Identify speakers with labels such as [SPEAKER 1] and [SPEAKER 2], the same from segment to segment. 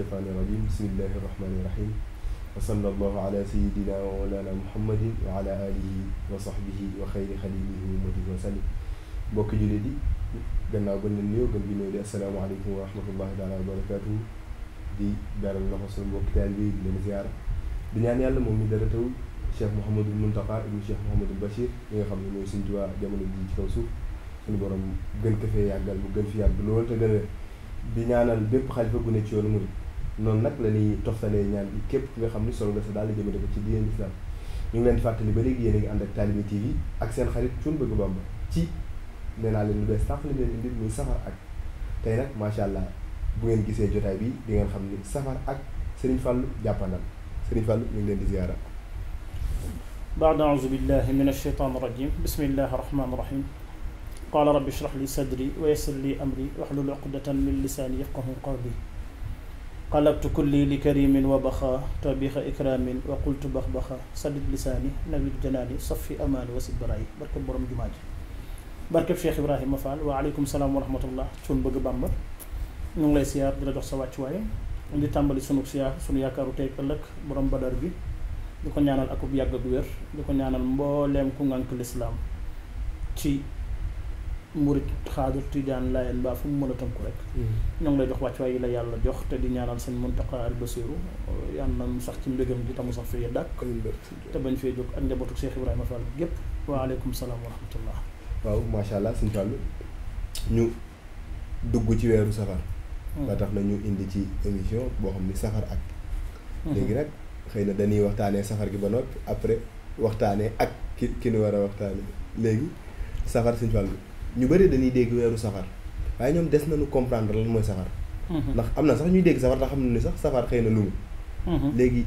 [SPEAKER 1] الشيطان الرجيم بسم الله الرحمن الرحيم وصلى الله على سيدنا ومولانا محمد وعلى اله وصحبه وخير خليله محمد وسلم بوك جولي دي غنا بن نيو غن بي نيو السلام عليكم ورحمه الله تعالى وبركاته دي دار الله سن بوك تالبي دي نزيار دي نيان يالا مومي درتو شيخ محمد المنتقى ابن شيخ محمد البشير ليغا خامي موي سن جوا جامونو دي تي كوسو سن بوروم غن كفي ياغال مو غن في ياغ لول تا غن بي نيانال بيب خالفه غني تي يونو مولاي noonu nag la ñuy toftalee ñaan bi képp ki nga xam ni solo nga sa daal jëmale ko ci diine lislaam ñu ngi leen fàttali ba léegi yéen a ngi ànd ak talibi TV ak seen xarit Thioune Bëgg Bamba ci nee naa leen lu bees tax la leen indi muy safar ak tey nag macha allah bu ngeen gisee jotaay bi di ngeen xam ni safar ak Serigne Fallou jàppandal Serigne Fallou ñu ngi leen di ziyaara
[SPEAKER 2] baad auzu billahi min asheytaan rajim bismillahi rahmaani rahim qaala rabbi shrah li sadri wa yassir li amri wahlul uqdatan min lisaani yafqahu qawli قلبت كل لكريم وبخا تبيخ إكرام وقلت بخبخا سدد لساني نبي الجناني صفي أمان وسد برأي بركة برم جماج شيخ إبراهيم مفعل وعليكم السلام ورحمة الله تون بق بامبر نون لي سيار دل دخ سوات شوية عندي تامبلي سنوك سيار سنيا كارو تيك لك برم بدر بي دكون يانا الأكوب يا جدوير دكون يانا المبالم كونغان كل الإسلام تي murit xaadir tijaan layen baa fu mu mën a tënku rek hmm. ñoo ngi lay jox wàccuwaay yi la yàlla jox te di ñaanal sëñ Muntaqa al Basiru yal na sax ci mbégam gi tamu sax fii dàkk te bañ fee jóg ak njabootu Cheikh Ibrahima Fall gépp waaleykum salaam wa rahmatullah
[SPEAKER 1] waaw macha allah sëñ Fallu ñu dugg ci weeru safar nga hmm. tax na ñu indi ci émission boo xam ni safar ak hmm. léegi nag xëy na dañuy waxtaanee saxaar gi ba noppi après waxtaanee ak ki ki ñu war a waxtaan léegi safar sëñ ñu bëri dañuy dégg weeru safar waaye ñoom des nañu comprendre lan mooy safar. Mhm. ndax am na sax ñuy dégg safar Nous xam ne sax safar xëy na mhm. léegi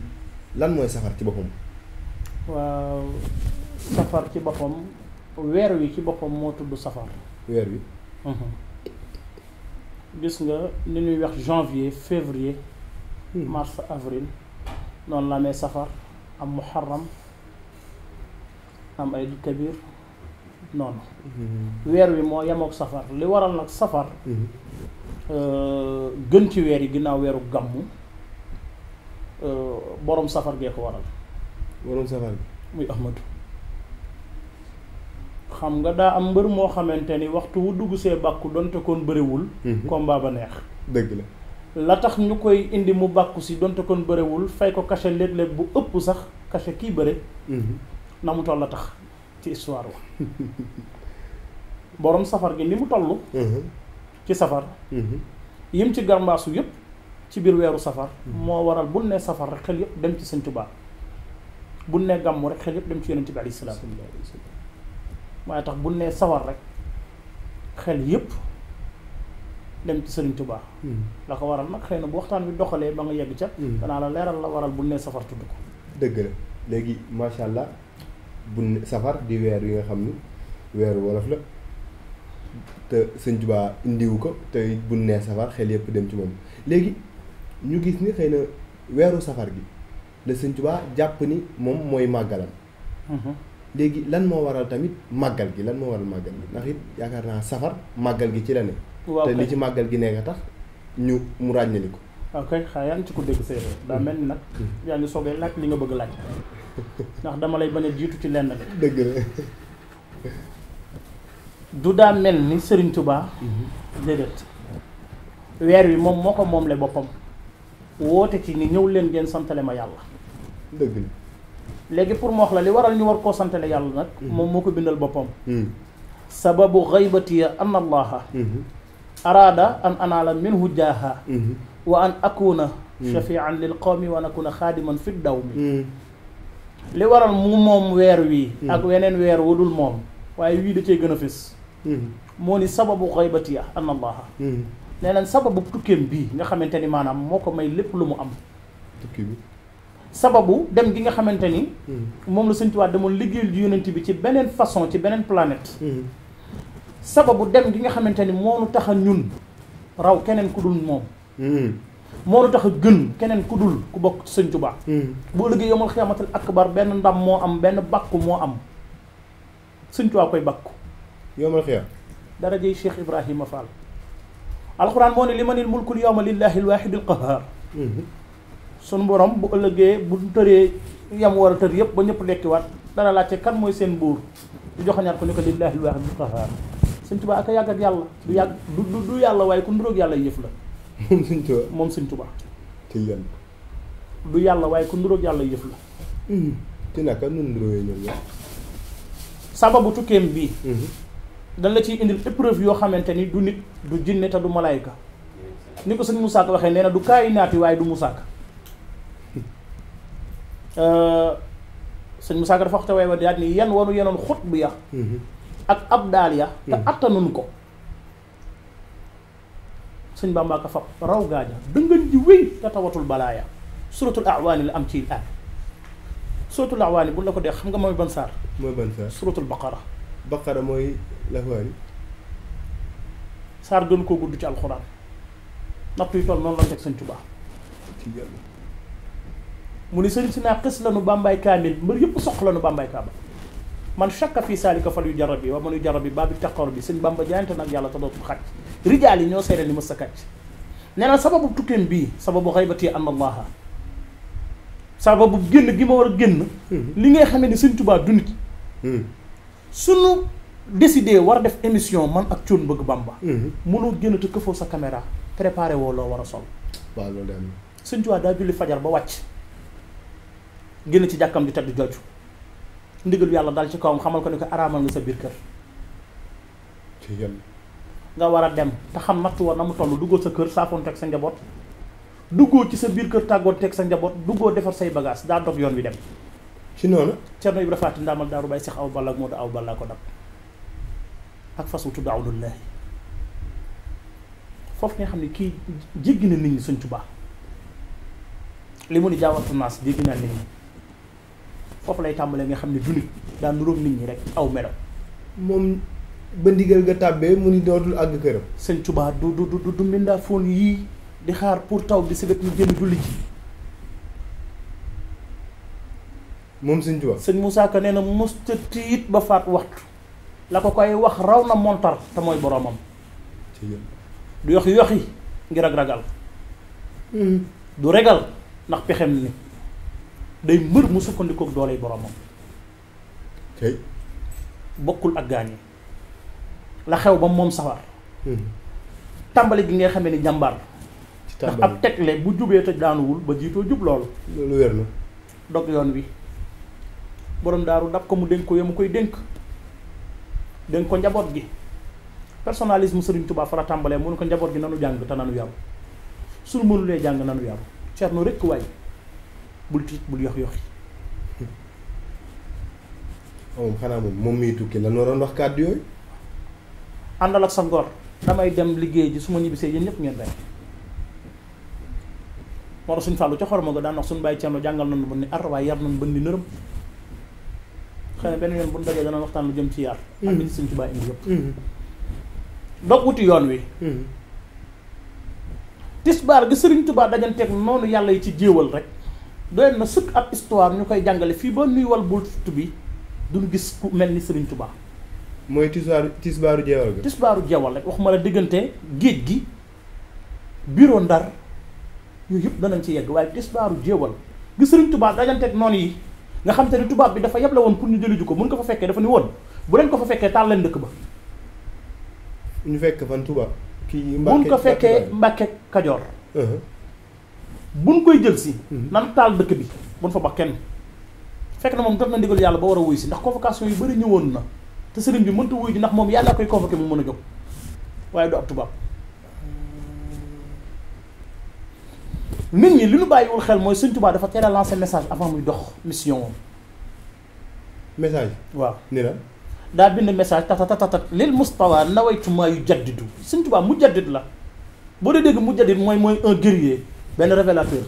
[SPEAKER 1] lan mooy safar ci boppam.
[SPEAKER 2] waaw safar ci boppam weer wi ci boppam moo tudd safar.
[SPEAKER 1] weer wi.
[SPEAKER 3] Mhm.
[SPEAKER 2] gis nga li ñuy wax janvier février. Hmm. mars avril noonu la amee safar am muharram am ay kabir. noonu mm-hmm. weer wi moo yamook safar li waral nag safar mm-hmm. euh, gën ci weer yi ginnaaw weeru gàmmu euh, borom safar gee ko waral borom safar bi muy Ahmadu xam nga daa am mbër moo xamante ni waxtu wu dugg see bàkku donte kon bëriwul mm-hmm. combat ba neex dëgg la la tax ñu koy indi mu bàkku si donte kon bëriwul fay ko cachet léeg-léeg bu ëpp sax cachet kii bëre na mu toll la tax ci histoire wa borom safar gi ni mu toll uh-huh. ci safar uh-huh. yim ci garmbaasu yëpp ci biir weeru safar uh-huh. moo waral bun ne safar rek xel yëpp dem ci sëñ Tuubaa bun ne gàmmu rek xel yëpp dem ci yonent bi alayhi salaam waaye tax bun ne sawar rek xel yëpp dem ci sëriñ Tuubaa la ko waral nag xëy na bu waxtaan bi doxalee ba nga yegg ca danaa la leeral la waral bu ne safar tudd ko
[SPEAKER 1] dëgg la léegi macha allah bu safar di weer yi nga xam ni weeru wolof la te sëñ Tuubaa indiwu ko te bu nee safar xel yëpp dem ci moom léegi ñu gis ni xëy na weeru safar gi la sëñ Tuubaa jàpp ni moom mooy màggalam mhm. léegi lan moo waral tamit màggal gi lan moo waral màggal gi ndax it yaakaar naa safar màggal gi ci la ne te li ci màggal gi nekk tax ñu mu ràññali ko
[SPEAKER 2] waaw kay xaa yaa ngi ci ko dégg séeréer daa mel ni nag mhm. yaa ngi soogee laaj li nga bëgg laaj ndax dama lay bañ a jiitu ci lenn bi dëgg la du daa mel ni Serigne Touba déedéet weer wi moom moo ko moomle boppam woote ci ni ñëw leen ngeen santale ma yàlla dëgg la léegi pour mu wax la li waral ñu war koo santale yàlla nag moom moo ko bindal boppam sababu xaybatiya an allaha araada an anaala minhu jaaha wa an akuna shafian lil qawmi wa an akuna xaadiman fi dawmi li waral mu moom weer wii hmm. ak weneen weer wudul moom waaye wii da cee gën a fës hmm. moo ni sababu xaybati an allaha hmm. nee sababu tukkeem bii nga xamante ni maanaam moo ko may lépp lu mu am tukki sababu dem gi nga xamante ni moom la Sëñ Tuubaa demoon liggéeyal ji bi ci beneen façon ci beneen planète sababu dem gi nga xamante ni moo nu tax a ñun raw keneen ku dul moom moo la tax a gën keneen ku dul ku bokk ci sëñ Tuubaa hmm. boo liggéey yomal xiyaamatal akbar benn ndam moo am benn bàkku moo am sëñ Tuubaa koy bàkku yomal xiyaam darajey Cheikh Ibrahima Fall alxuraan moo ne li ma nil mulkul yawma lillahi alwaahidil qahhaar hmm. sunu borom bu ëllëgee bu tëree yam war a tër yëpp ba ñëpp dekkiwaat dana laajte kan mooy seen buur du joxañaat ko ni ko lillahi alwaahidil qahhaar sëñ Tuubaa ak a yàlla du yàgg du du yàlla waaye ku nduróog yàlla yëf la moom sëñ Tuubaa moom sëñ Tuubaa te yéen du yàlla waaye ku nuróog yàlla yëf la hmm. te naka nun nuróoyee ñoom ñoom sababu tukkeem bii hmm. dañ la ciy indil épreuve yoo xamante ni du nit du jinne te du malaayka ni ko sëñ Musaa waxee nee na du kaayi naati waaye du Musaa Ka hmm. euh, sëñ Musaa Ka dafa waxte way wa daat ni yan wanu yenoon xut bi ya ak ab daal ya te attanuñ ko سن بام باكا فاب راو غاجا دنجن دي وي تتواتو البلايا سورة الأعوان اللي أمتي الآن سورة الأعوان بقول لك ده خمجة موي بنصار موي بنصار سورة البقرة بقرة موي لهواني سار دون كو قدو القرآن نطوي فال نون لانتك سن موني سن سنا قس لنو بام باي كامل مر يب سخ لنو بام باي كامل من شك في سالك فليجربي ومن يجربي باب التقربي سن بام بجانتنا يالا تضوط بخاتي rijaal yi ñoo seede li ma sa kàcc nee na sababu tukkeem bii sababu xaybati an allaha sababu génn gi ma war a génn mhm. li ngay xamee ni sëñ Tuubaa du nit mhm. suñu décidé war a def émission man ak Thione Bëgg Bamba mhm. mënoo génn te këfoo sa caméra préparé woo loo war a sol waaw loolu daal sëñ daa julli fajar ba wàcc génn ci jàkkam di tedd jooju ndigal yàlla daal ci kawam xamal ko ni araamal nga sa biir kër nga war a dem te xam natt war na mu toll duggoo sa kër saafoon teg sa njaboot duggoo ci sa biir kër tàggoo teg sa njaboot duggoo defar say bagage daa dog yoon wi dem ci noonu Cerno Ibra Faati ndaamal daaru bay aw balla moo aw balla ko dab ak fas wu tudd awlullahi foofu nga xam ne kii jéggi na nit ñi Sëñ Tuubaa li mu ni jaawatu naas jéggi naa nit ñi foofu lay tàmbalee nga xam ne du nit daa nuróom nit ñi rek aw melo moom Bendigal gata ga tabbe mu ni dootul Sen këram. sëñ Tuubaa du du du du fon yi di xaar pour taw bi sebet wet ñu julli ji. mom sëñ touba sëñ Moussa Ka neena na musta tiit ba faat waxtu la ko koy wax raw montar ta moy boromam. du yox yoxi ngir ak ragal. Mm-hmm. du regal nak pexem ni day musa mu sukkandikook dooley boromam. tey bokul ak gañi la xew ba mom safar hmm. tambali gi nga xamé ni jambar ndax ab le, bu jubee te daanuwul ba jiitoo jub loolu lu wér na dog yoon wi borom daaru dab ko mu denk ko yam koy denk denk ko njabot gi personnalisme Serigne Touba fa la ko njabot gi nanu jang ta nanu sul mu lay jang nanu yaru Cerno rek way bul tit bul yox yox hmm.
[SPEAKER 1] oh xanaa moom moom miy tukki wax
[SPEAKER 2] andal ak sa ngor damay dem liggéey ji suma ma yeen yéen ñëpp ngeen dem moo tax suñ fàllu ca xorma ga daan wax suñ bàyyi ceerno jàngal nañu ba ni ar waaye yar nañu ba ni nërëm xëy na benn yoon bu ñu dajee dana waxtaan lu jëm ci yar hmm. ak li suñ ci bàyyi indi yëpp dog hmm. wuti yoon wi hmm. tisbar gi sëriñ tubaa dajanteeg noonu yàlla yi ci jéewal rek doyen na sukk ab histoire ñu koy jàngale fii ba nuy wal bultu bi duñu gis ku mel ni sëriñ tubaa moy tisbaaru tisbaru jewal ga tisbaru jewal rek waxuma la digeunte geej gi bureau ndar yep da nañ ci yegg waaye tisbaru jewal gi touba dajante ak non yi nga xam tane touba bi dafa yeb la won pour ñu jëli ju ko mun ko fa fekke dafa ni won bu len ko fa fekke talen dekk ba ñu fekk fan touba ki mbàkke mun ko fekkee kadior kajoor uh-huh. buñ koy jël si mm-hmm. nan tal dekk bi buñ fa ba kenn fekk na mom jot na digal yalla ba wara wuy si ndax convocation yu bari ñewon na te sëriñ bi mënta wuyu ji ndax moom yàlla koy convoqué mu mën a jóg waaye du ab tubaab nit ñi li ñu bàyyiwul xel mooy sëñ Tuubaa dafa teel a lancé message avant muy dox mission moom message waaw ni la daa bind message tatatatat lil mustawa nawaytu maa yu jaddidu sëñ Tuubaa mu jaddid la boo dee dégg mu jaddid mooy mooy un guerrier benn révélateur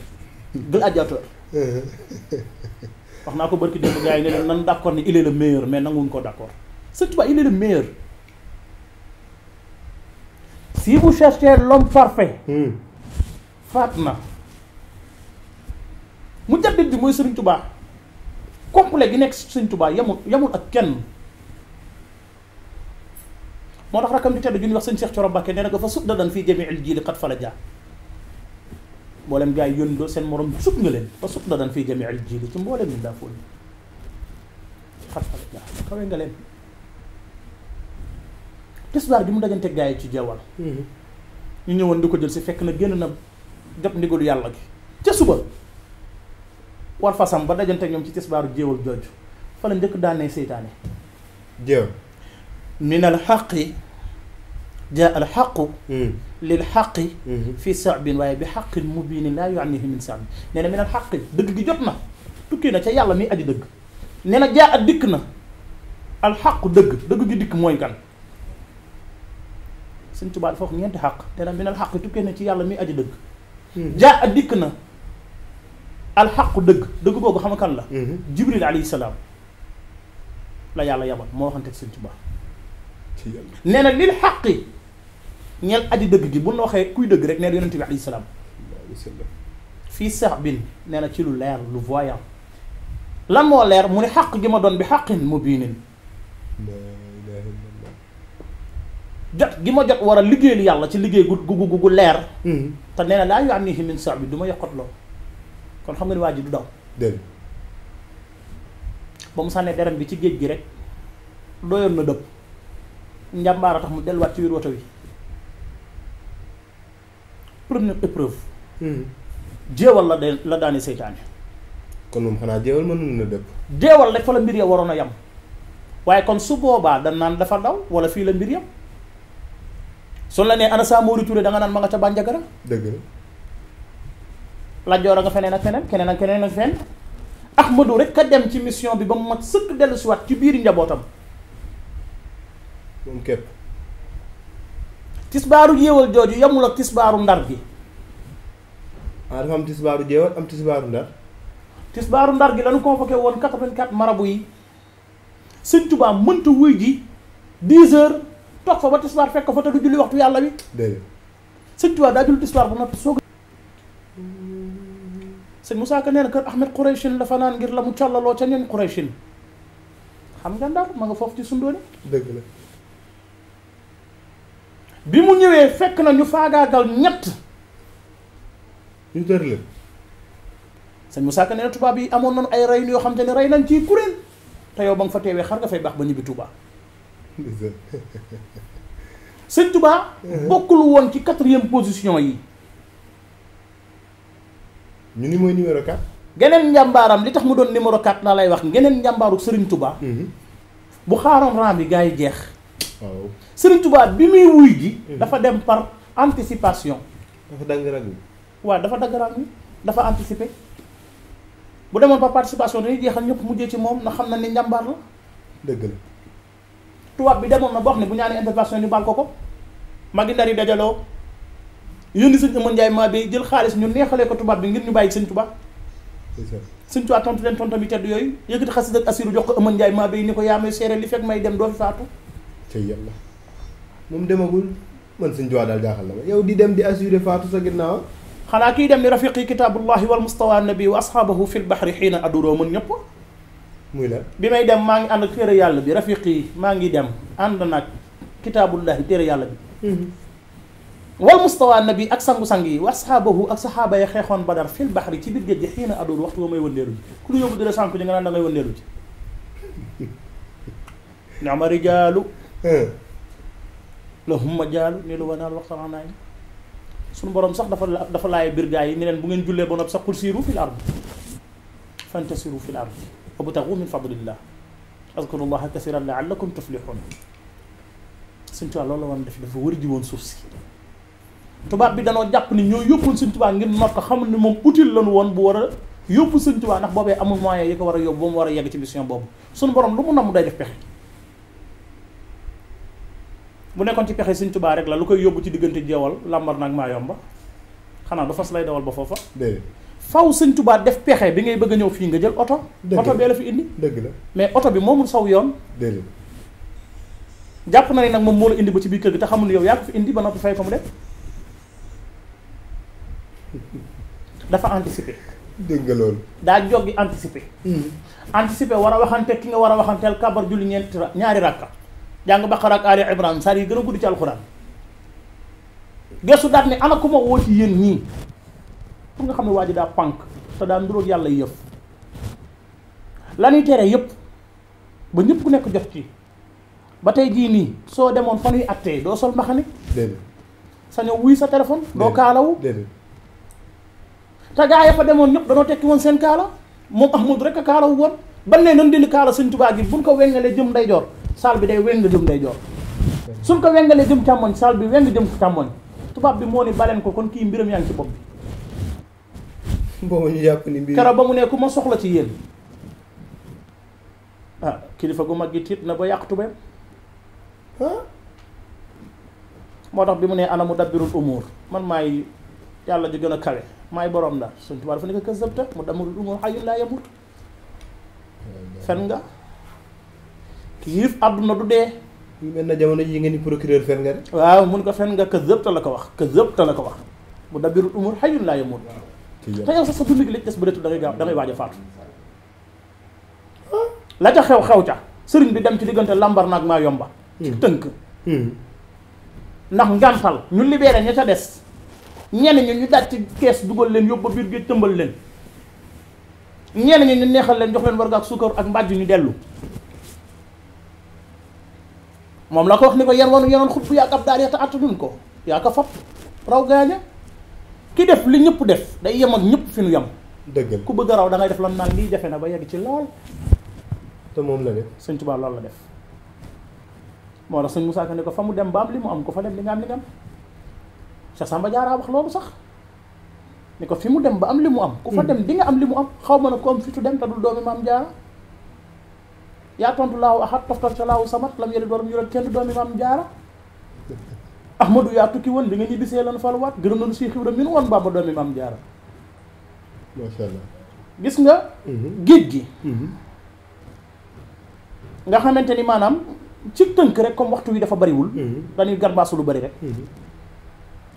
[SPEAKER 2] gladiateur wax naa ko barki démb gars yi ne leen nan d'accord ni il est le meilleur mais nanguwuñ ko d'accord Surtout, il est le meilleur. Si vous cherchez l'homme parfait, mm. Fatma, Moudjabib di mooy Serigne Touba complet gi nekk Serigne Touba yamul yamul ak kenn moo tax rakam di tedd ju ñuy wax sëñ Cheikh Thioro Mbacké nee na ko fa sut da dan fii jamiil jiili xat fa la jaa mboolem gaa yi yónni seen morom sut nga leen fa sut da dan fii jamiil jiili ci mboolem ñu daa fóon xat fa la jaa kawe nga leen tisbaar bi mu dajante gaa yi ci jawwal mm-hmm. ñu ñëwoon di ko jël si fekk na génn na jot ndigalu yàlla gi ca suba war fasam ba dajante ñoom ci tisbaaru jéewal jooju fa la njëkk daanee seytaane jéew min al xaqi jaa al xaqu mm-hmm. lil xaqi mm-hmm. fii sabin waaye bi xaqin mubiin laa yuanihi min sabin nee na min xaqi dëgg gi jot na tukki na ca yàlla mi aji dëgg nee na jaa at dikk na al xaqu dëgg dëgg gi dikk mooy kan sëñ Tuubaa dafa wax ñeenti xaq te nag min al xaq tukkee na ci yàlla mi aji dëgg jaa a dikk na al xaqu dëgg dëgg boobu xam kan la jibril alayhi salaam la yàlla yabal moo waxante ak sëñ Tuubaa nee na lil xaqi ñeel aji dëgg gi bu ñu waxee kuy dëgg rek nee na yonente bi alayhi salaam fii sax bin nee na ci lu leer lu voyant lan moo leer mu ne xaq gi ma doon bi xaqin mu biinin jot gi ma jot war a lu yàlla ci liggéey gu gu gu leer. Hmm. te nee na laa am ni min saa bi du ma yokkot loo kon xam nga ne waa ji du daw. dégg ba mu sànnee deret bi ci géej gi rek doyoon na dëpp njàmbaara tax mu delluwaat ci biir woto wi hmm. jéewal la la daane seytaane. kon moom xanaa jéewal mënoon na dëpp. jéewal rek fa la mbir ya waroon a yem waaye kon su boobaa dañ naan dafa daw wala fii la mbir yam son la né ana sa modou Touré da nga nan ma nga ca banjagara deug la. Lat nga feneen ak feneen kenen ak kenen ak feneen. Ahmadou rek ka dem ci mission bi ba mu mat sëkk dellusiwaat ci biir njabotam mom kep tisbaru yewal joju yamul ak tisbaru ndar gi. ah dafa am tisbaaru jéewal am tisbaru ndar. tisbaru ndar gi lañu convoqué won 84 marabu yi seigne touba mënta wuy gi 10 heures toog fa ba tisbaar fekk fa te du julli waxtu yàlla wi. dëgg sëñ Tuubaa daa julli tisbaar ba noppi soog a. sëñ Ka nee na Ahmed Khouraychine la fanaan ngir la mu callaloo ca neen Khouraychine xam nga ndar ma nga foofu ci sundooni dëgg la. bi mu ñëwee fekk na ñu faagaagal ñett. ñu dër leen. sëñ Moussa Ka nee na tubaab yi amoon nañu ay rey yoo xam nañ ci fa xar nga fay ba Touba. sëñ Touba bokkul won ci quatrième position yi. ñu ni numéro 4. geneen njàmbaaram li tax mu numéro 4 numéro lay wax Serigne Touba. Mhm. bu xaram ram bi jeex. Touba bi wuy mhm. dafa dem par anticipation. dafa dagg rang wa dafa dagg numéro dafa anticiper bu demoon par participation numéro jeexal ci na tuwab bi demoon na boo ne bu ñaanee intervention ñu baal ko ko magi ndari yi dajaloo yónni suñ amoon njaay maa bi jël xaalis ñu neexalee ko tubaab bi ngir ñu bàyyi sëñ tuba sëñ tuba tontu leen tontu mi tedd yooyu yëkkati xasida ak asiru jox ko amoon njaay maa bi ni ko yaa may seere li fekk may dem doo fi faatu tey yàlla moom demagul man sëñ tuba daal jaaxal na ma yow di dem di assurer faatu sa ginnaaw xanaa kii dem ni rafiqi kitaabullahi wal mustawa nabi wa ashabahu fi lbahri xiina aduroo mën ñëpp muy la bi may dem maa ngi ànd ak téere yàlla bi rafiqi yi ngi dem ànd nag bi mm-hmm. wal mustawa nabi ak sangu-sang yi wa asxaabahu ak saxaaba ya xeexoon badar fil bahri ci biir géej gi xiina adoor waxtu ba may wëndeelu ji ku lu yóbbu dëra sànku ji nga naan da ngay wëndeelu
[SPEAKER 3] ji
[SPEAKER 2] Sun baram eh. lahum majaalu nii lu wanaal waxtaan naa suñu borom sax dafa dafa laay biir gaa ni bu ngeen fil ard fantasiru fil ard وابتغوا من فضل الله اذكروا الله كثيرا لعلكم تفلحون سنتو الله لون ديف ديف وردي وون سوفسي توبا بي دانو جاب ني ньо ييب سنتو با غير ما كو خامن ني موم اوتيل لون وون بو ورا ييب سنتو با نخ بوبي امو موين ييكو ورا ييب بوم ورا ييغ ميسيون بوب سون بوروم لومو نام داي ديف بخي mu nekkoon ci pexe sëñ tubaa rek la lu koy yóbbu ci diggante jeewal lambar nag maa yomba xanaa du fas lay dawal ba foofa faw sëñ touba def pexé bi ngay bëgg ñëw fi nga jël auto auto bi la fi indi. deug la mais auto bi momul saw yoon.
[SPEAKER 4] dëgg la
[SPEAKER 2] jàpp na ni nak mom mo la indi ba ci biir kër gi te xamul yow yaa fi indi ba nopi fay ko mu def dafa anticiper. deug lool da joggi anticiper. Hmm. anticiper war waxante ki nga wara waxantel kabar julli ñent ñaari rakka jàng Baqara ak Ali ibrahim sari gëna gudd ci gesu dat ni ana ci pour nga xamé waji da ji daa da ndurok yalla yef lani téré yep ba ñëpp ku nekk jot ci ba tey ni so soo fanuy atté do sol doo sol sa ñu wuy sa téléphone doo kaalawu te ta gaay ya fa demone ñëpp dañu tekki won seen kala mom ahmad rek a kaalawu woon ban né non dindi kala señ tuba gi buñ ko wéngalé jëm jor sal bi day wéng jëm jor suñ ko wéngalé jëm chamoñ sal bi wéng jëm chamoñ tuba bi mo ni balen ko kon ki mbiram yaang ci bop bi
[SPEAKER 1] boobu ñu jàpp ni ba
[SPEAKER 2] mu ne ku ma soxla ci yéen ah, kilifa gu mag gi tiit na ba yàq tubeem moo tax bi mu ne ana mu dabbirul umur man maay yàlla ju gën a kawe maay borom la suñ tubaab dafa nekk kasabta mu dammurul umur xayun laa yamut fen du dee ñu mel na jamono ji ngeen di procureur fen nga de waaw mun ko la ko wax kasabta la ko wax mu dabbirul laa yamut te yow sax sa dund gi lañ des bu deetul da ngay gaaw da ngay a faatu la ca xew xew ca sëriñ bi dem ci diggante lambar naag maa yomba ci hmm. tënk hmm. ndax ngàntal ñu libéré ña ca des ñenn ñu ñu daaj ci kees dugal leen yóbbu biir géej tëmbal leen ñenn ñu ñu neexal leen jox leen warga ak suukar ak mbàjj ñu dellu moom la ko wax ni ko yan wanu yenoon xut bu yàgg ab daar yata attanuñ ko yaa ko fab raw gaaña ki def li ñepp def day yam ak ñepp fi ñu yam deug ku bëgg raw da ngay def lan naan li jafe na ba yegg ci lool. te mom la def señ tuba lool la def. mo tax señ musa Ka ne ko famu dem ba am li mu am ko fa dem li nga am li nga am Cheikh Samba jaara wax loolu sax ne ko fi mu dem ba am li mu am. ku fa hmm. dem di nga am li mu am xaw ma ko am tu dem ta dul doomi maam Diarra. ya tontu laaw ahad toftal ca samat lam yële dooram yural kenn doomi maam jaara ahmadu ya tukki won bi nga ñibbisee lan wat gërëm nañu Cheikh Ibrahima min won Bamba doomi maam jaara sha allah gis nga mhm. géej gi mhm. nga xamanteni manam ci teunk rek comme waxtu wi dafa bariwul mhm. dañuy garbaasu lu bari rek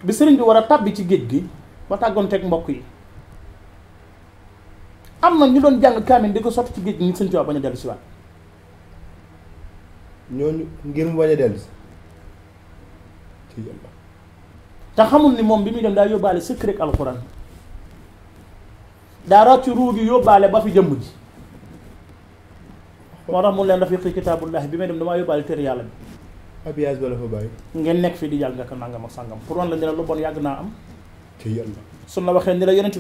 [SPEAKER 2] bi serigne bi wara tabbi ci géej gi ba tàggoonteeg mbokk yi amna ñu doon jang kaamil diko sotti ci géej gi nit sëñ Tuubaa bañ a dellu si ngir mu baña a te xamul ni mom bi muy dem daa yóbbaale secret alxuraan daa rocc ruu gi ba fi jëmm ji moo tax mun leen dafa yëkkati kitaabullahi bi may dem damaa yóbbaale téere yàlla bi abiyaas ba la fa bàyyi ngeen nekk fii di jàng ak nangam ak sàngam pour wan la ni bisa lu bon yàgg naa am
[SPEAKER 4] ni la
[SPEAKER 2] bi gën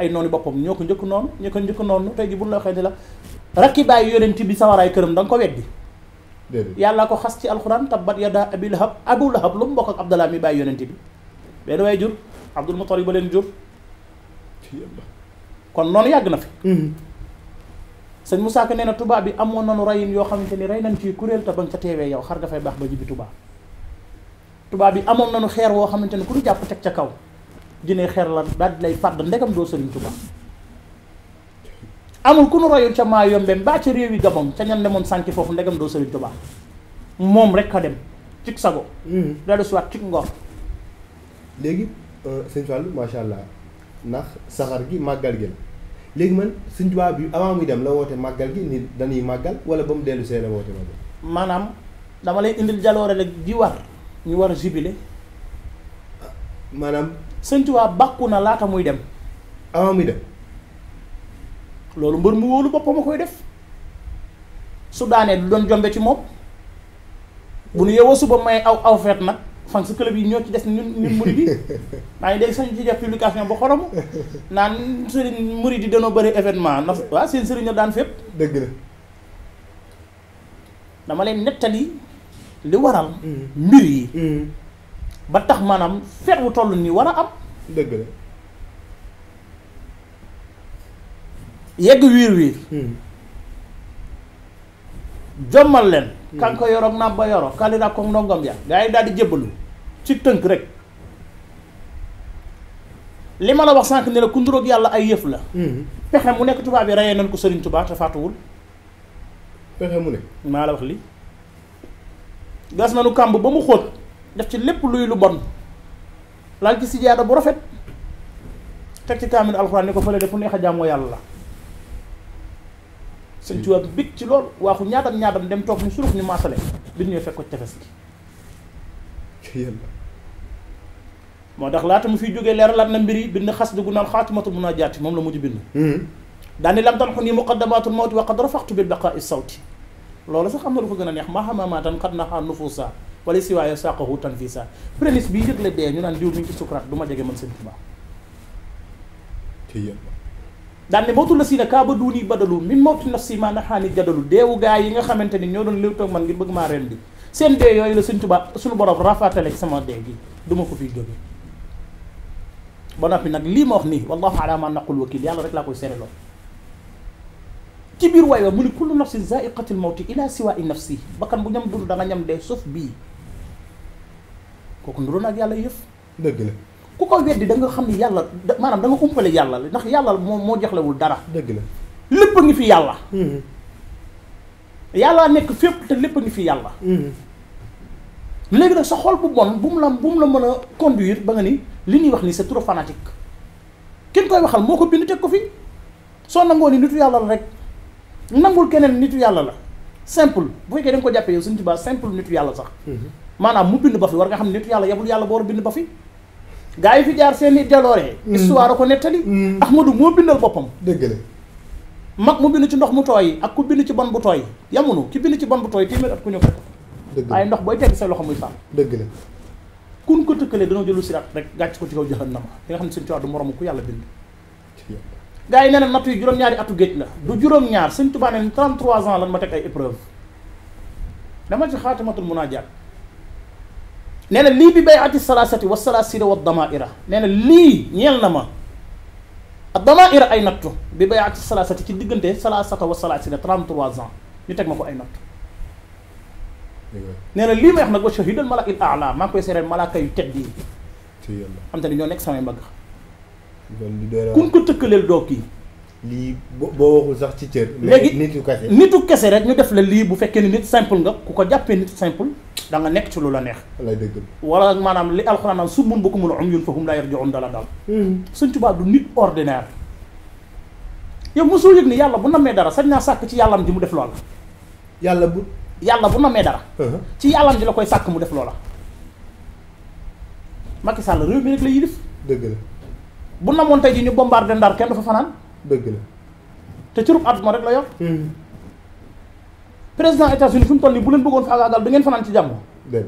[SPEAKER 2] ay la ni la bi ko weddi yàllaa ko xas ci alxuraan tabbat yada abi lahab abu lahab lu mu bokk ak abdallah mi bàyyi yonent bi benn waaye jur abdul yi ba leen jur kon noonu yàgg na fi mhm. sëñ Moussa Ka nee na tubaab bi amoon na nanu reyin yoo xamante ni rey nañ ci kuréel te ba ca teewee yow xar nga fay baax ba jibi tubaab tubaab bi amoon na nu xeer woo xamante ni ku ñu jàpp teg ca kaw jinne xeer la daal di lay fàdd ndegam doo sëriñ tubaab amul ku nu royoon ca maa yombe mbaa ca réew yi Gabon ca ñan demoon sànki foofu ndegam doo Sëriñ Tuubaa moom rek a dem cig sago hmm. dellu si waat cig ngor
[SPEAKER 1] léegi euh, sëñ Fallou macha allah ndax saxar gi màggal gi man sëñ Tuubaa bi avant muy dem la woote màggal gi ni dañuy màggal wala ba mu dellu see la woote màggal
[SPEAKER 2] maanaam dama lay indil jaloore rek ji war ñu war a jubile ah, maanaam sëñ Tuubaa bàkku na laata muy dem avant muy dem loolu mbër mu wóolu boppam ma koy def su daanee du doon jombe ci moom bu nu yeewoo suba may aw aw feet nag fan si club yi ñoo ci des ñun ñun murid yi maa ngi dégg sax ñu ci def publication ba xorom naan sëriñ muri yi danoo bëri événement na waaw seen sëriñ daan fépp dëgg la dama leen nettali li waral mm. mbir yi mm. ba tax maanaam feet wu toll nii war a am dëgg la yegg wiir wiir hmm. jommal leen hmm. kanko yoroog nàmba yoro kalira ko ndongom ya gaa yi daal di jébbalu ci tënk rek li ma la wax sànq ne la ku yàlla ay yëf la hmm. pexe mu nekk tubaab yi reyee nañ ko sëriñ Tuubaa te faatuwul pexe mu ne maa la wax li gas nañu kàmb ba mu xóot def ci lépp luy lu bon laal ci sijaada bu rafet teg ci kaamil alxuraan ni ko fële de fu neex a yàlla la sëñ Tuubaa bit ci loolu waaxu ñaadam ñaadam dem toog ni suruf ni maasale bi ñëwee fekk ko tefes gi moo tax laata mu fiy jógee leeralaat na mbir yi bind xas gu naan xaatimatu munaajaati moom la mujj bind daani lam tan xun yi muqaddamatul mawti wa qad rafaqtu bil baqaa'i sawti loolu sax am na lu ko gën a neex maa xamama tan xat naxaa nufuusa wala si waaye saaqahu tan fii sa prémice bi yëgle dee ñu naan diw mi ngi ci sukuraat du ma jege man sëñ Tuubaa daan ne mootu la si na kaa ba duuni badalu min mawti nafsi ma naxaani jadalu deewu gaa yi nga xamante ni ñoo doon léew toog man ngir bëgg maa ren bi seen dee yooyu la suñ tuba suñu borom rafatale sama dee gi du ma ko fiy jóge ba noppi nag lii ma wax nii wallahu ala ma naqul wakil yàlla rek laa koy seereloo ci biir waay wa mu ni kullu nafsin zaiqatil mawti ila siwai nafsi bakkan bu ñam dund da ñam dee suuf bii kooku nduru nag yàlla yëf dëgg la ku ko weddi da nga xam ni yàlla maanaam da nga umpale yàlla ndax yàlla moo moo joxlewul dara. dëgg la lépp ngi fi yàlla. Mm-hmm. yàlla nekk fépp te lépp ngi fi yàlla. Mm-hmm. léegi nag sa xol bu bon bu mu la bu mu la mën a conduire ba nga ni li ñuy wax ni c'est trop fanatique kenn koy waxal moo ko bind teg ko fi soo nangoo ni nitu yàlla la rek nangul keneen nitu yàlla la simple bu fekkee da nga ko jàppee yow suñu tubaab simple nitu yàlla sax. Mm-hmm. maanaam mu bind ba fi war nga xam nitu yàlla yebul yàlla boo bind ba fi. gaa yi fi jaar seen i jaloore mm. histoire ko nettali mm. Ahmadu moo bindal boppam dëgg la mag mu bind ci ndox mu tooy ak ku bind ci bon bu tooy yamunu ki bind ci bon bu tooy téeméer at ku ñëw fekk dëgg la waaye ndox booy tegg say loxo muy faam dëgg la kun ko tëkkalee danoo jëlu siraat rek gàcc ko ci kaw jahannama li nga xam ne sëñ Tuubaa du moromu ku yàlla bind gaa yi nee na nattu yi juróom-ñaari atu géej la du juróom-ñaar sëñ Tuubaa ne 33 ans lan ma teg ay épreuve dama ci xaatimatul munaajaat نين لي ببيعة الثلاثة والثلاثين والضمائرة نين لي يلنما الضمائر أين نكتو ببيعة الثلاثة كي دي قنتي الثلاثة والثلاثين ترام تروازان نتاك مكو أين نكتو إيه. نين لي ما يحنا قوة شهيد الملاك الأعلى ما كو يسير الملاك يتعدي تي الله عمتا نيو نكسا ما يمبغ كون كو تكل الدوكي
[SPEAKER 1] لي بو بو زارتيتير نيتو كاسي نيتو
[SPEAKER 2] كاسي رك ني ديف نيت سامبل نغا كوكو جابي نيت سامبل da nga nekk ci lu la neex wala manam li alxuraan bu ko mun umyun fahum la yarjuun dala dal hmm. Sëñ tuba du nit ordinaire yow mosul yek ni yalla bu namé dara sañ na sak ci yalla di mu def loola yalla bu yalla bu namé dara uh-huh. ci yàllam di la koy sak mu def loola Macky Sall rew mi rek la yilif deug la bu namon tay ji ñu bombarder Ndar kenn fa fanaan la te rub àdduna rek la yor hmm président États-Unis fi tolli bu len bëggon faaga dal faagaagal ngeen fanal ci jamm deug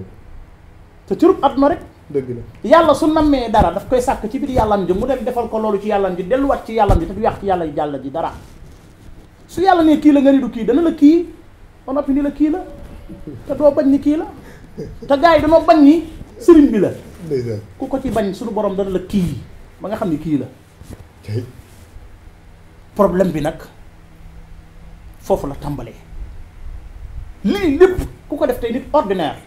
[SPEAKER 2] te ci at ma rek. deug la yalla su namé dara daf koy sak ci bir yalla ji mu dem defal ko lolu ci yàllam delu wat ci yalla ji te du ci yalla ji dara su yalla ne ki la ngari du ki dana la kii on opini la ki la te do bañ ni ki la te gaay dama bañ ni serigne bi la. ku ko ci bañ suñu borom dana la kii ba nga xamni ki la. problème bi nak fofu la tambalé lii lépp ku ko def tey nit ordinaire